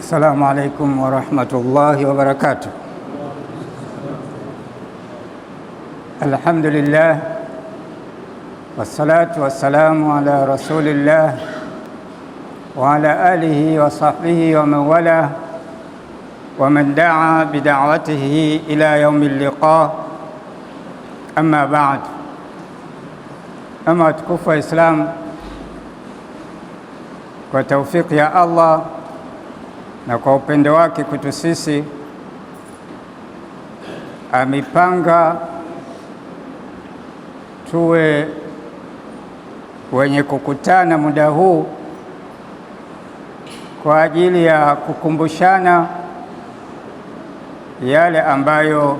السلام عليكم ورحمة الله وبركاته الحمد لله والصلاة والسلام على رسول الله وعلى آله وصحبه ومن والاه ومن دعا بدعوته إلى يوم اللقاء أما بعد أما تكفى إسلام وتوفيق يا الله na kwa upendo wake kwetu sisi amepanga tuwe wenye kukutana muda huu kwa ajili ya kukumbushana yale ambayo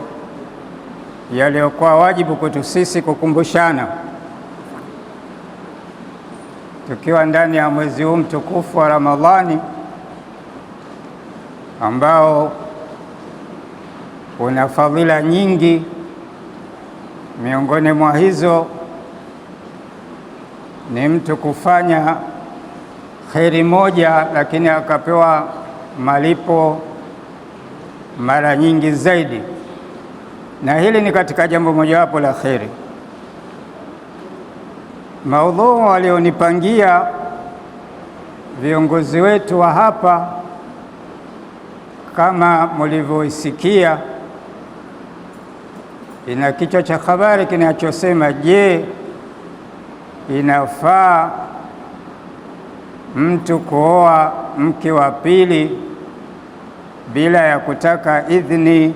yaliyokuwa wajibu kwetu sisi kukumbushana, tukiwa ndani ya mwezi huu mtukufu wa Ramadhani ambao una fadhila nyingi. Miongoni mwa hizo ni mtu kufanya kheri moja, lakini akapewa malipo mara nyingi zaidi, na hili ni katika jambo mojawapo la kheri. maudhumu walionipangia viongozi wetu wa hapa kama mlivyoisikia ina kichwa cha habari kinachosema, je, inafaa mtu kuoa mke wa pili bila ya kutaka idhini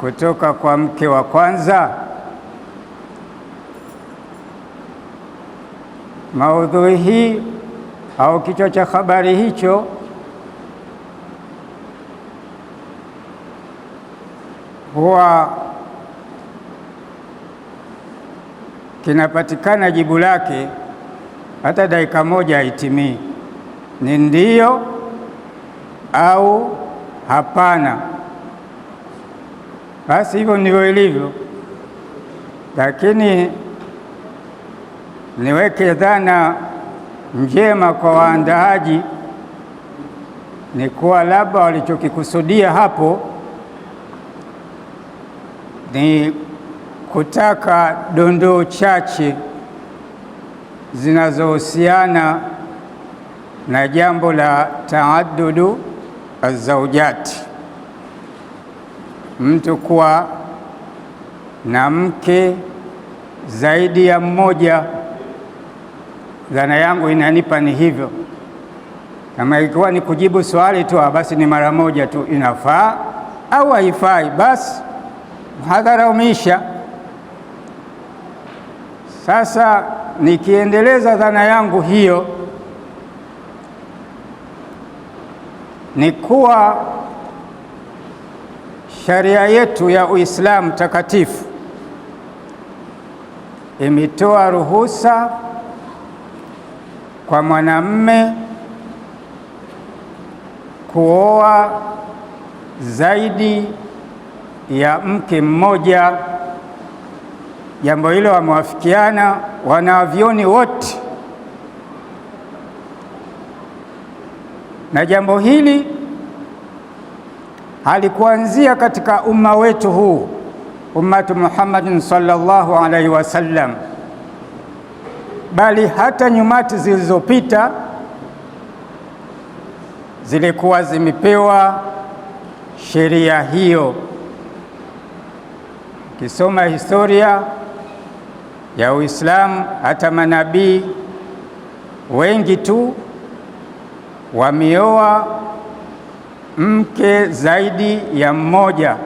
kutoka kwa mke wa kwanza? Maudhui hii au kichwa cha habari hicho huwa kinapatikana jibu lake hata dakika moja haitimii, ni ndio au hapana. Basi hivyo ndivyo ilivyo, lakini niweke dhana njema kwa waandaaji ni kuwa labda walichokikusudia hapo ni kutaka dondoo chache zinazohusiana na jambo la taaddudu azaujati, mtu kuwa na mke zaidi ya mmoja. Dhana yangu inanipa ni hivyo. Kama ilikuwa ni kujibu swali tu, ah, basi ni mara moja tu inafaa au haifai basi Mhadhara umeisha. Sasa nikiendeleza dhana yangu hiyo, ni kuwa sharia yetu ya Uislamu takatifu imetoa ruhusa kwa mwanamme kuoa zaidi ya mke mmoja. Jambo hilo wamewafikiana wanavyoni wote, na jambo hili halikuanzia katika umma wetu huu, ummatu Muhammadin sallallahu alaihi wasallam, bali hata nyumati zilizopita zilikuwa zimepewa sheria hiyo. Kisoma historia ya Uislamu, hata manabii wengi tu wameoa mke zaidi ya mmoja,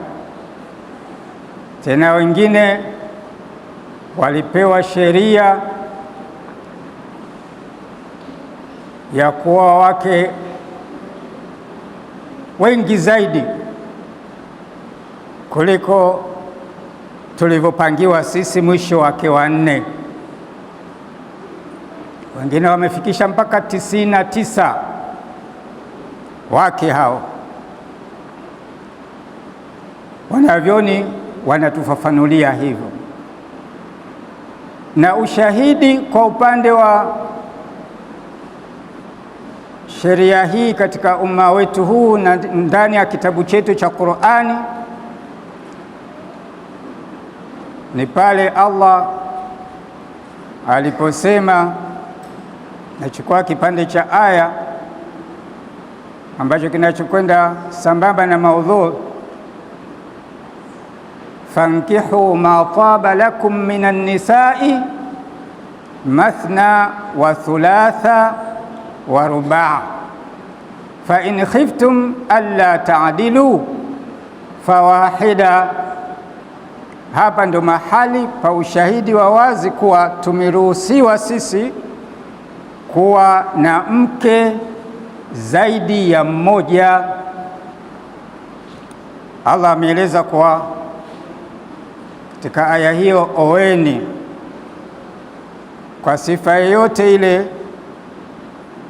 tena wengine walipewa sheria ya kuoa wake wengi zaidi kuliko tulivyopangiwa sisi mwisho wake wa nne. Wengine wamefikisha mpaka tisini na tisa wake hao. Wanavyoni wanatufafanulia hivyo, na ushahidi kwa upande wa sheria hii katika umma wetu huu na ndani ya kitabu chetu cha Qur'ani ni pale Allah aliposema, nachukua kipande cha aya ambacho kinachokwenda sambamba na maudhui, fankihu ma taba lakum minan nisai mathna wa thulatha wa rubaa fa in khiftum alla taadilu fawahida hapa ndo mahali pa ushahidi wa wazi kuwa tumeruhusiwa sisi kuwa na mke zaidi ya mmoja. Allah ameeleza kwa katika aya hiyo, oweni kwa sifa yoyote ile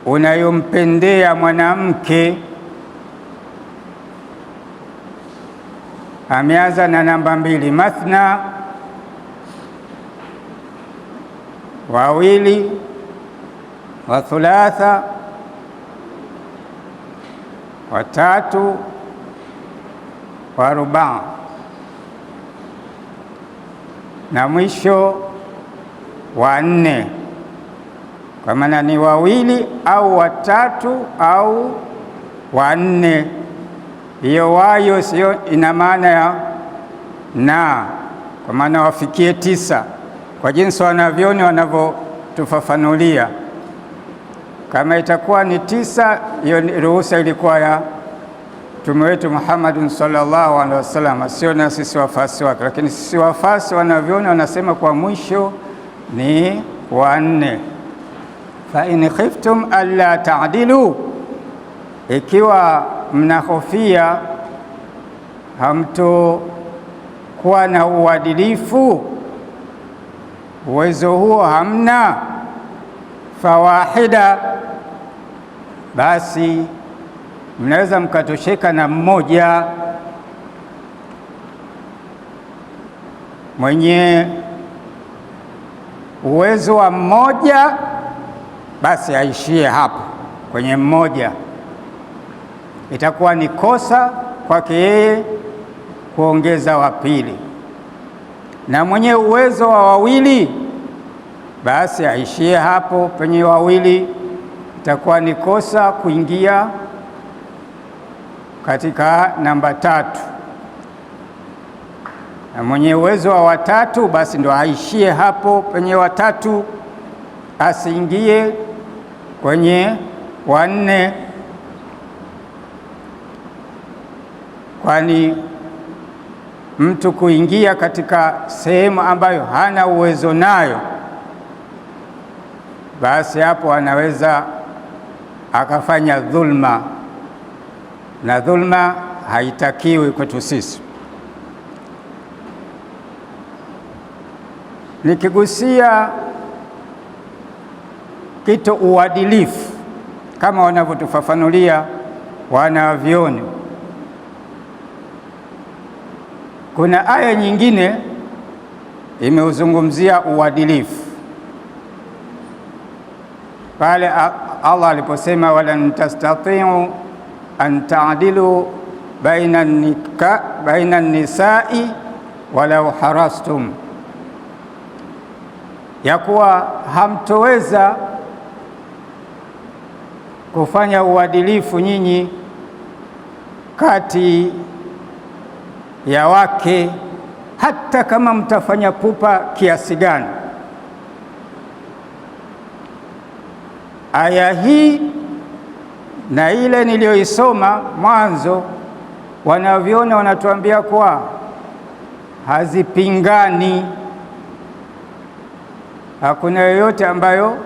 unayompendea mwanamke ameanza na namba mbili, mathna wawili wa thulatha watatu wa na mwisho wa nne, kwa maana ni wawili au watatu au wanne hiyo wayo sio ina maana ya na, kwa maana wafikie tisa, kwa jinsi wanavyoni wanavyotufafanulia. Kama itakuwa ni tisa, hiyo ruhusa ilikuwa ya Mtume wetu Muhammad sallallahu alaihi wasallam, sio na sisi wafasi wake. Lakini sisi wafasi wanavyoni wanasema kwa mwisho ni wanne, fa in khiftum alla tadilu ikiwa mnahofia hamtokuwa na uadilifu, uwezo huo hamna. Fawahida, basi mnaweza mkatosheka na mmoja mwenye uwezo wa mmoja, basi aishie hapo kwenye mmoja itakuwa ni kosa kwake yeye kuongeza wa pili, na mwenye uwezo wa wawili basi aishie hapo penye wawili, itakuwa ni kosa kuingia katika namba tatu, na mwenye uwezo wa watatu basi ndo aishie hapo penye watatu, asiingie kwenye wanne. kwani mtu kuingia katika sehemu ambayo hana uwezo nayo, basi hapo anaweza akafanya dhulma, na dhulma haitakiwi kwetu sisi. Nikigusia kitu uadilifu, kama wanavyotufafanulia wanavyoni Kuna aya nyingine imeuzungumzia uadilifu pale Allah aliposema, walan tastatiu an taadilu baina nisai walau harastum, ya kuwa hamtoweza kufanya uadilifu nyinyi kati ya wake, hata kama mtafanya pupa kiasi gani. Aya hii na ile niliyoisoma mwanzo, wanavyoona wanatuambia kuwa hazipingani. Hakuna yoyote ambayo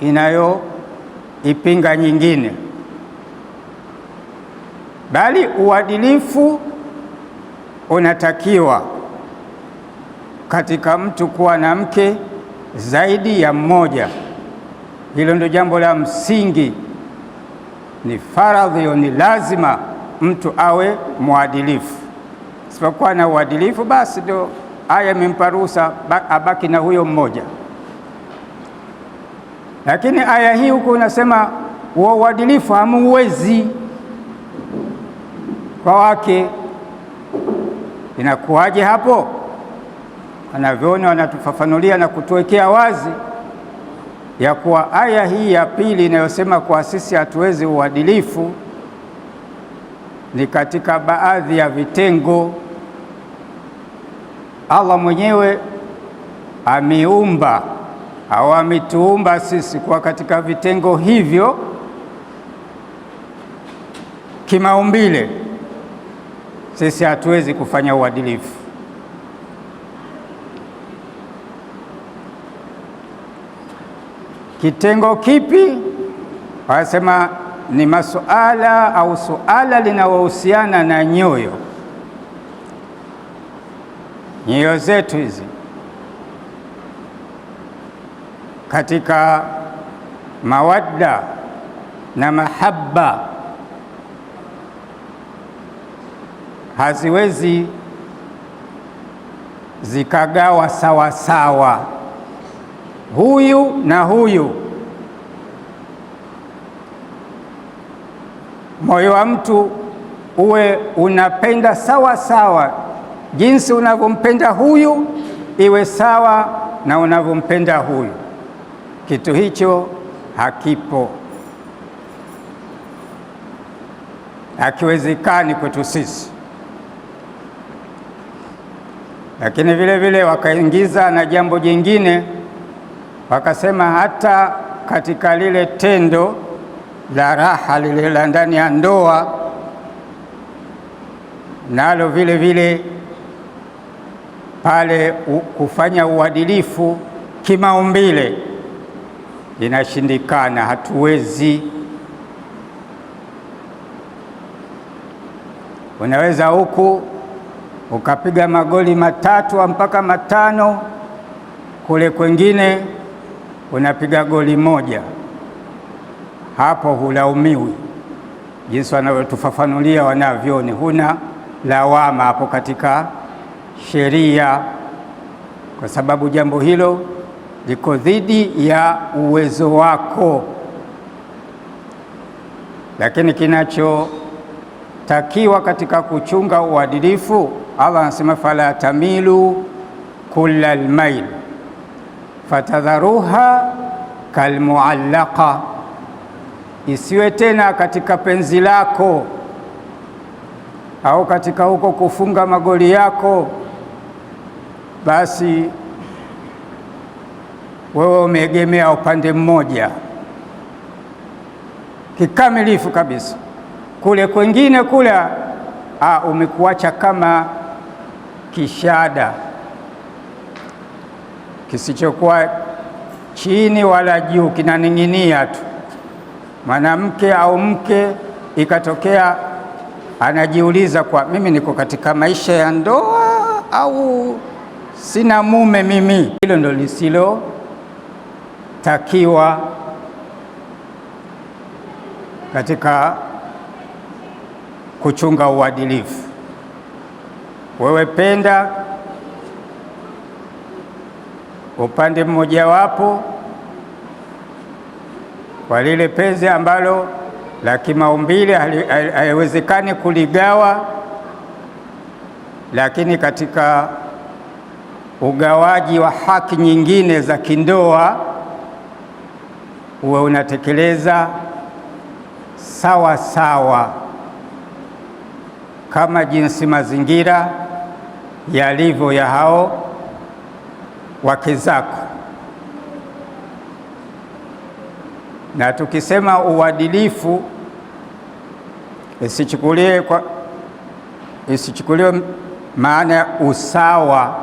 inayoipinga nyingine, bali uadilifu unatakiwa katika mtu kuwa na mke zaidi ya mmoja. Hilo ndio jambo la msingi, ni faradhi, ni lazima mtu awe mwadilifu. Sipokuwa na uadilifu, basi ndio aya imempa ruhusa abaki na huyo mmoja. Lakini aya hii huko unasema wa uadilifu hamuwezi kwa wake Inakuwaje hapo? wanavyoona wanatufafanulia na kutuwekea wazi ya kuwa aya hii ya pili inayosema kwa sisi hatuwezi uadilifu ni katika baadhi ya vitengo. Allah mwenyewe ameumba au ametuumba sisi kwa katika vitengo hivyo kimaumbile sisi hatuwezi kufanya uadilifu. Kitengo kipi? Wanasema ni masuala au suala linalohusiana na nyoyo, nyoyo zetu hizi katika mawadda na mahaba haziwezi zikagawa sawa sawa, huyu na huyu. Moyo wa mtu uwe unapenda sawa sawa, jinsi unavyompenda huyu iwe sawa na unavyompenda huyu. Kitu hicho hakipo, hakiwezekani kwetu sisi. Lakini vile vile wakaingiza na jambo jingine, wakasema hata katika lile tendo la raha lile la ndani ya ndoa, nalo vile vile pale kufanya uadilifu kimaumbile inashindikana, hatuwezi. Unaweza huku ukapiga magoli matatu mpaka matano, kule kwengine unapiga goli moja, hapo hulaumiwi. Jinsi wanavyotufafanulia wanavyoni, huna lawama hapo katika sheria, kwa sababu jambo hilo liko dhidi ya uwezo wako. Lakini kinachotakiwa katika kuchunga uadilifu Allah anasema fala tamilu kulla almail fatadharuha kalmuallaqa, isiwe tena katika penzi lako au katika huko kufunga magoli yako, basi wewe umeegemea upande mmoja kikamilifu kabisa, kule kwengine kula ah, umekuacha kama kishada kisichokuwa chini wala juu, kinaning'inia tu. Mwanamke au mke ikatokea anajiuliza, kwa mimi niko katika maisha ya ndoa au sina mume mimi? Hilo ndo lisilotakiwa katika kuchunga uadilifu. Wewe penda upande mmojawapo kwa lile penzi ambalo la kimaumbile haiwezekani kuligawa, lakini katika ugawaji wa haki nyingine za kindoa uwe unatekeleza sawa sawa kama jinsi mazingira yalivyo ya hao wake zako. Na tukisema uadilifu isichukuliwe kwa isichukuliwe maana ya usawa,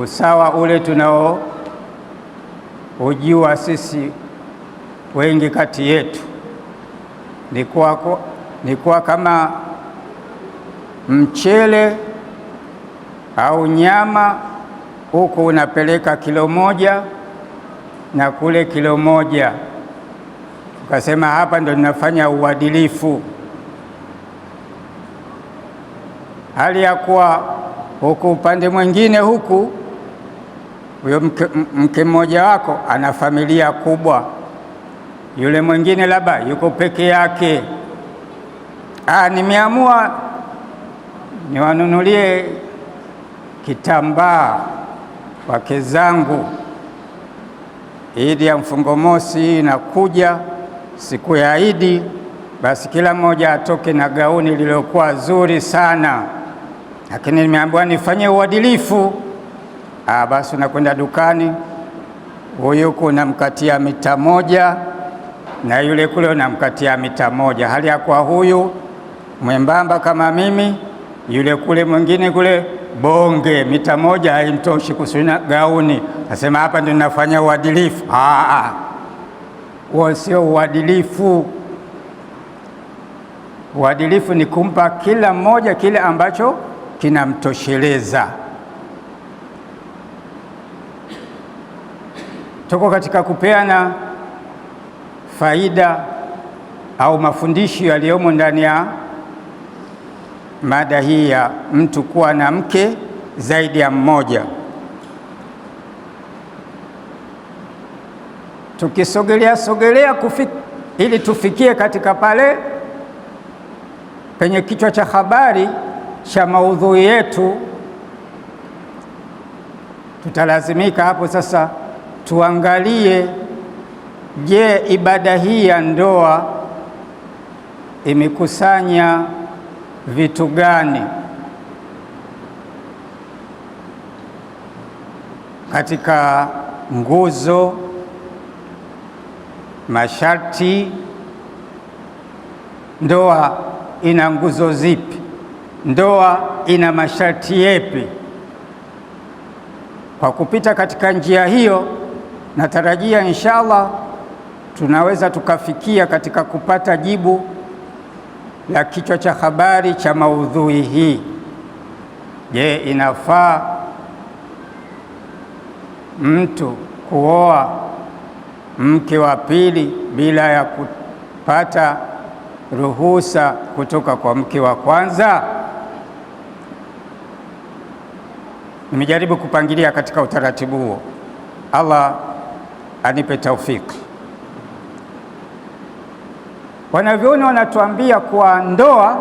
usawa ule tunao ujua sisi wengi kati yetu ni kuwa kama mchele au nyama huku unapeleka kilo moja na kule kilo moja. Tukasema hapa ndo ninafanya uadilifu, hali ya kuwa huku upande mwingine huku huyo mke, mke mmoja wako ana familia kubwa, yule mwingine labda yuko peke yake. Ah, nimeamua niwanunulie kitambaa wake zangu. Idi ya mfungo mosi hii inakuja, siku ya Idi basi kila mmoja atoke na gauni lililokuwa zuri sana, lakini nimeambiwa nifanye uadilifu. Ah, basi unakwenda dukani, huyu mkatia mita moja na yule kule unamkatia mita moja, hali ya kwa huyu mwembamba kama mimi yule kule mwingine kule bonge mita moja haimtoshi kusuna gauni, nasema hapa ndio nafanya uadilifu. Ah, ah. Huo sio uadilifu. Uadilifu ni kumpa kila mmoja kile ambacho kinamtosheleza. Tuko katika kupeana faida au mafundisho yaliyomo ndani ya mada hii ya mtu kuwa na mke zaidi ya mmoja. Tukisogelea sogelea kufika, ili tufikie katika pale penye kichwa cha habari cha maudhui yetu, tutalazimika hapo sasa tuangalie, je, ibada hii ya ndoa imekusanya vitu gani katika nguzo, masharti? Ndoa ina nguzo zipi? Ndoa ina masharti yepi? Kwa kupita katika njia hiyo, natarajia inshallah tunaweza tukafikia katika kupata jibu la kichwa cha habari cha maudhui hii. Je, inafaa mtu kuoa mke wa pili bila ya kupata ruhusa kutoka kwa mke wa kwanza? Nimejaribu kupangilia katika utaratibu huo. Allah anipe taufiki. Wanavyoni wanatuambia kuwa ndoa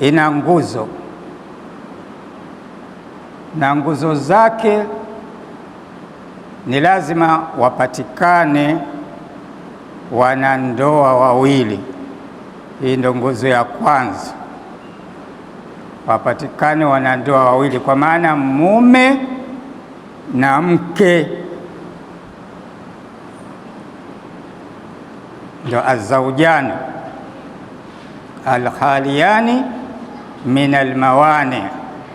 ina nguzo na nguzo zake ni lazima wapatikane wanandoa wawili. Hii ndo nguzo ya kwanza, wapatikane wanandoa wawili, kwa maana mume na mke. ndio azaujani alkhaliyani min almawani.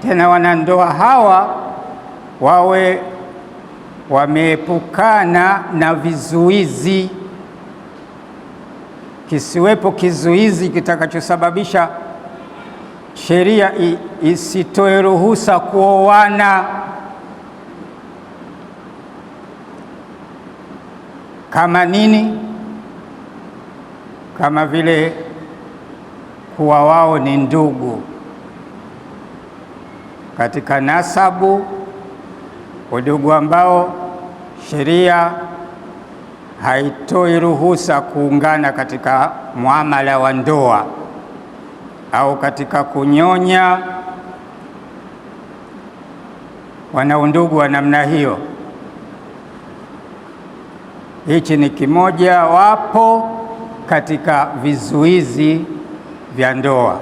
Tena wanandoa hawa wawe wameepukana na vizuizi, kisiwepo kizuizi kitakachosababisha sheria isitoe ruhusa kuoana. Kama nini? kama vile kuwa wao ni ndugu katika nasabu, udugu ambao sheria haitoi ruhusa kuungana katika muamala wa ndoa au katika kunyonya wanaundugu wa namna hiyo. Hichi ni kimoja wapo katika vizuizi vya ndoa.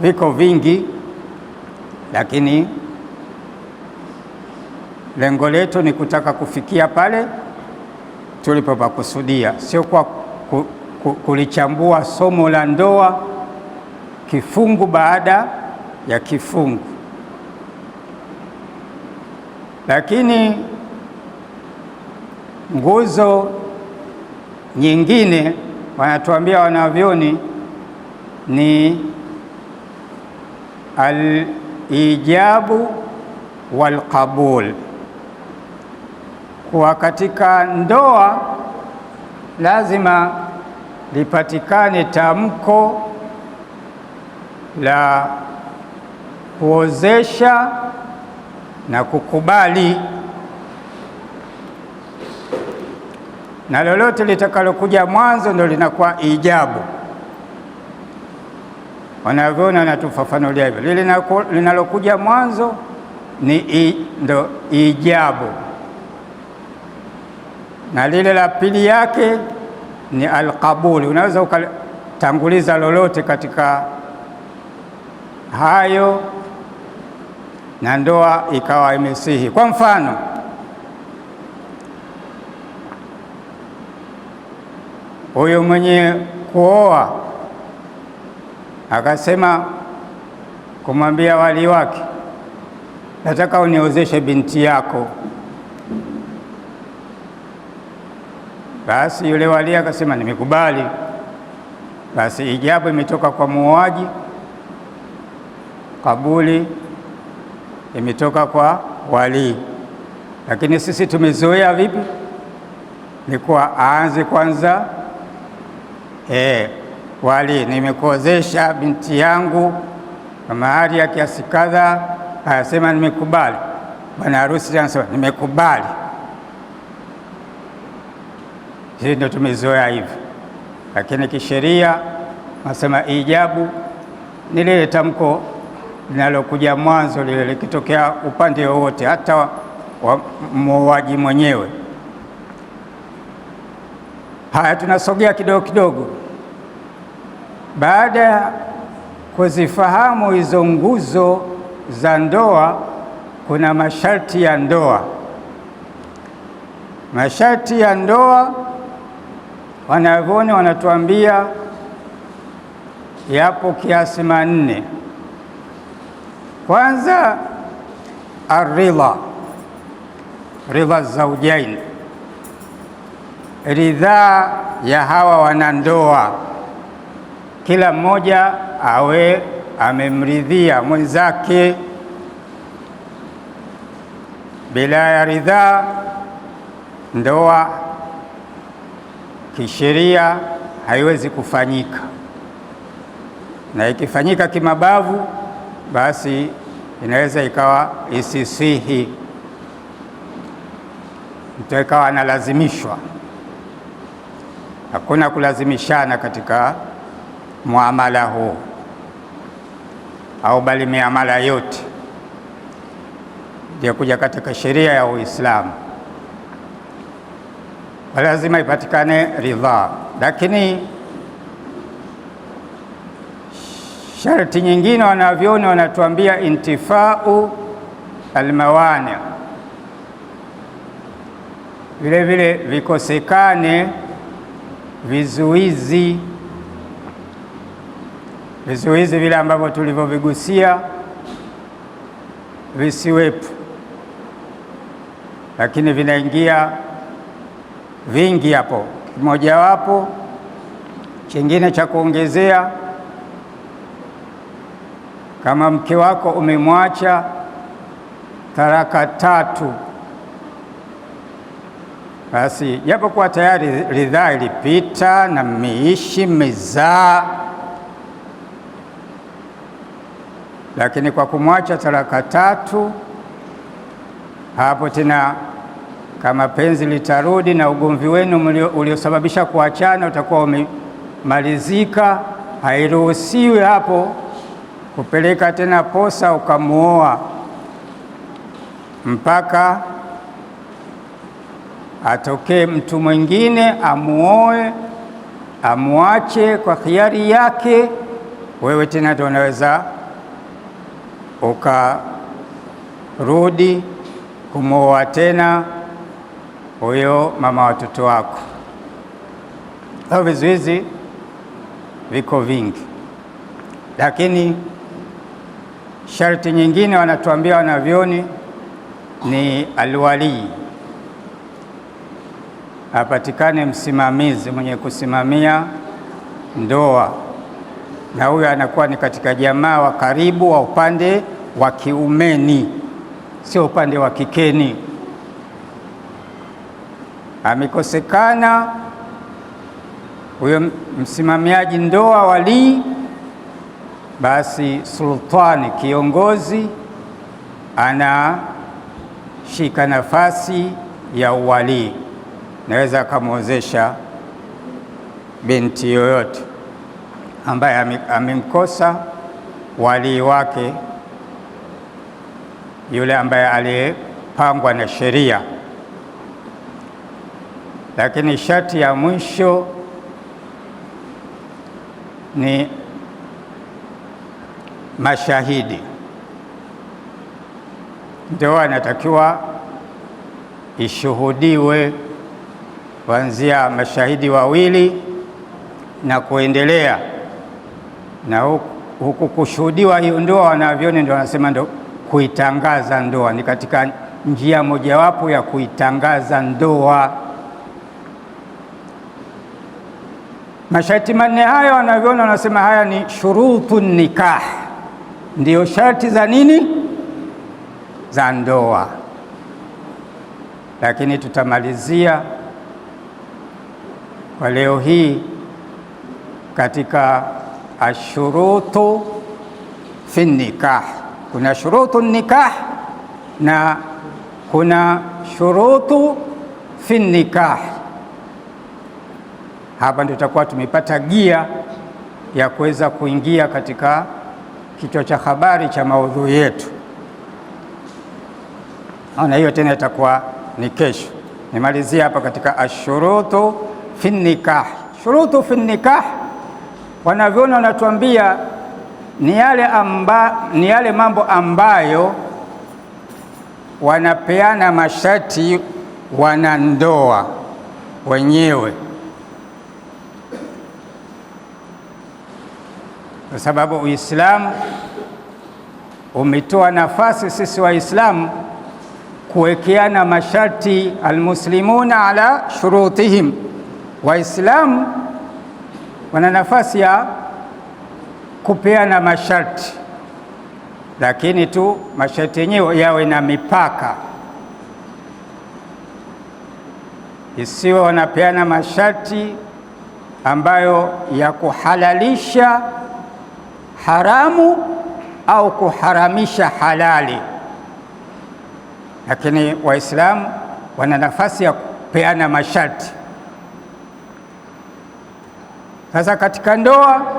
Viko vingi, lakini lengo letu ni kutaka kufikia pale tulipopakusudia, sio kwa ku, ku, kulichambua somo la ndoa kifungu baada ya kifungu. Lakini nguzo nyingine wanatuambia wanavyoni ni alijabu walqabul, kuwa katika ndoa lazima lipatikane tamko la kuozesha na kukubali. na lolote litakalokuja mwanzo ndio linakuwa ijabu. wanavyoona wanatufafanulia hivyo, lile linalokuja mwanzo ni ndo ijabu, na lile la pili yake ni alqabuli. Unaweza ukatanguliza lolote katika hayo na ndoa ikawa imesihi. Kwa mfano huyo mwenye kuoa akasema kumwambia wali wake, nataka uniozeshe binti yako. Basi yule wali akasema nimekubali. Basi ijabu imetoka kwa muoaji, kabuli imetoka kwa wali. Lakini sisi tumezoea vipi? Ni kuwa aanze kwanza Eh, wali nimekuozesha binti yangu kwa mahari ya kiasi kadha. Anasema nimekubali. Bwana harusi anasema nimekubali. Hii ndio tumezoea hivi, lakini kisheria nasema ijabu ni lile tamko linalokuja mwanzo, lile likitokea upande wowote, hata mwoaji mwenyewe. Haya, tunasogea kidogo kidogo baada ya kuzifahamu hizo nguzo za ndoa, kuna masharti ya ndoa. Masharti ya ndoa wanavyoni wanatuambia yapo kiasi manne. Kwanza, aridha ridha zaujaini, ridhaa ya hawa wanandoa kila mmoja awe amemridhia mwenzake. Bila ya ridhaa, ndoa kisheria haiwezi kufanyika, na ikifanyika kimabavu, basi inaweza ikawa isisihi, mtu ikawa analazimishwa. Hakuna kulazimishana katika muamala huu au bali miamala yote kuja katika sheria ya Uislamu lazima ipatikane ridhaa, lakini sharti nyingine wanavyoni wanatuambia intifau almawani, vile vile vikosekane vizuizi vizuizi vile ambavyo tulivyovigusia visiwepo, lakini vinaingia vingi hapo. Kimojawapo chingine cha kuongezea, kama mke wako umemwacha taraka tatu, basi japokuwa tayari ridhaa ilipita na mmeishi mmezaa lakini kwa kumwacha talaka tatu, hapo tena kama penzi litarudi na ugomvi wenu uliosababisha kuachana utakuwa umemalizika. Hairuhusiwi hapo kupeleka tena posa ukamuoa mpaka atokee mtu mwingine amuoe, amwache kwa khiari yake. Wewe tena ndio unaweza ukarudi kumwoa tena huyo mama watoto wako. Au vizuizi viko vingi, lakini sharti nyingine wanatuambia wanavyoni ni alwalii, apatikane msimamizi mwenye kusimamia ndoa na huyo anakuwa ni katika jamaa wa karibu wa upande wa kiumeni, sio upande wa kikeni. Amekosekana huyo msimamiaji ndoa walii, basi sultani, kiongozi, anashika nafasi ya uwalii, naweza akamwozesha binti yoyote ambaye amemkosa walii wake yule ambaye aliyepangwa na sheria. Lakini sharti ya mwisho ni mashahidi, ndio anatakiwa ishuhudiwe kuanzia mashahidi wawili na kuendelea na huku kushuhudiwa hiyo ndoa wanavyoni ndio wanasema ndo kuitangaza ndoa, ni katika njia mojawapo ya kuitangaza ndoa. Masharti manne haya wanavyoni wanasema haya ni shurutu nikah, ndiyo sharti za nini, za ndoa. Lakini tutamalizia kwa leo hii katika ashurutu fi nikah, kuna shurutu nikah na kuna shurutu fi nikah. Hapa ndio tutakuwa tumepata gia ya kuweza kuingia katika kichwa cha habari cha maudhui yetu, na hiyo tena itakuwa ni kesho. Nimalizia hapa katika ashurutu fi nikah, shurutu fi nikah Wanavyona wanatuambia ni yale, amba, ni yale mambo ambayo wanapeana masharti wanandoa wenyewe, kwa sababu Uislamu umetoa nafasi sisi Waislamu kuwekeana masharti, almuslimuna ala shurutihim, Waislamu wana nafasi ya kupeana masharti, lakini tu masharti yenyewe yawe na mipaka, isiwe wanapeana masharti ambayo ya kuhalalisha haramu au kuharamisha halali. Lakini Waislamu wana nafasi ya kupeana masharti sasa katika ndoa